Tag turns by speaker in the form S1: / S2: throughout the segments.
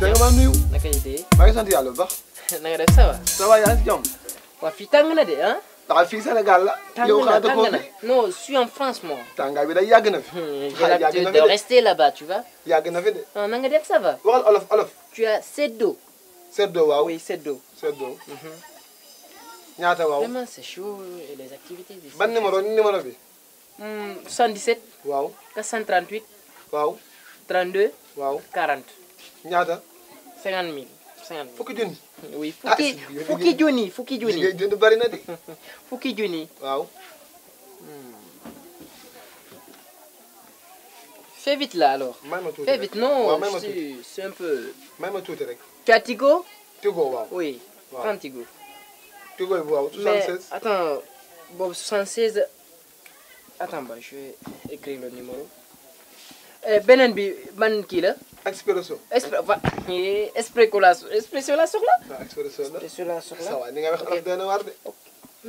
S1: da nga maa nuyu. naka yitee. maa ngi sant yàlla bu baax. na nga def ça va. ça va yaa ngi si jàmm. waa fii tàng na de ah. ndax fii Sénégal la. yow xanaa dëkk foofu non je suis en France moi. tàngaay bi day yàgg na fi. yàgg na fi de rester là tu vois. yàgg na fi de. Ah, na nga def ça va. waxal olof olof. tu as seddo. seddo waaw oui seddo. seddo. Mhm. ñaata waaw vraiment c'est chaud et les activités. ban numéro numéro bi. 77. Hmm, waaw 438. waaw. 32. waaw 40. ñaata. cinquante mille cinquante mille fukki junni. oui ah, fukki fukki junni fukki junni. junni bari na de. fukki junni. waaw. Hmm. fais vite là alors. may ma tuuti rek fais non. c'est un peu. may ma tuuti rek. tu Tigo. Tigo waaw oui. waaw prends Tigo. Tigo yi waaw 76. mais attends boobu 76. attends ba je vais eh, bi man kii la. expresso. expre va eh, expresso la soxla. waaw ah, la expresso la soxla. ni nga wax dëgg war de.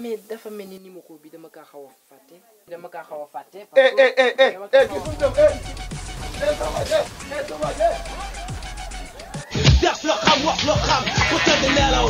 S1: mais dafa mel ni numéro bi dama kaa xaw a fàtte. dama kaa xaw a fàtte. parce eh, que eh, dama kaa xaw a fàtte. def xam wax la xam ku tëdd nelaw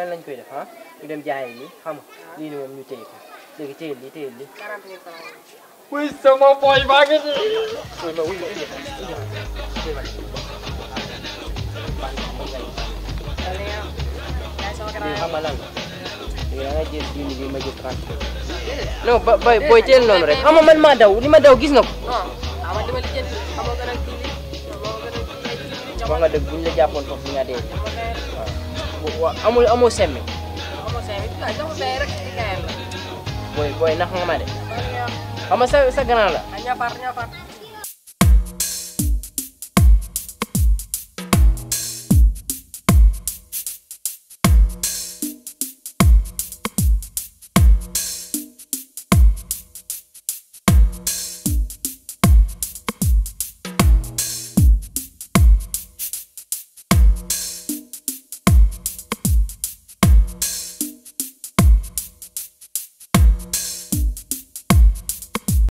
S1: nan lañ koy def ah ñu dem jaayi li xam nga lii ni moom ñu téye ko léegi téye li téye li. kuy sama boy maa ngi xam nga lan non ba bay booy teel noonu rek xam man maa daw li ma daw gis nga ko. Ah, wax nga dëgg buñ la jàppoon foofu nga dee. waaw amul amul semmi. amul semmi waaw jox ko tey rek ci gaayam la. booy booy nax nga ma de. xam nga sa sa grand la. ñafar ñafar.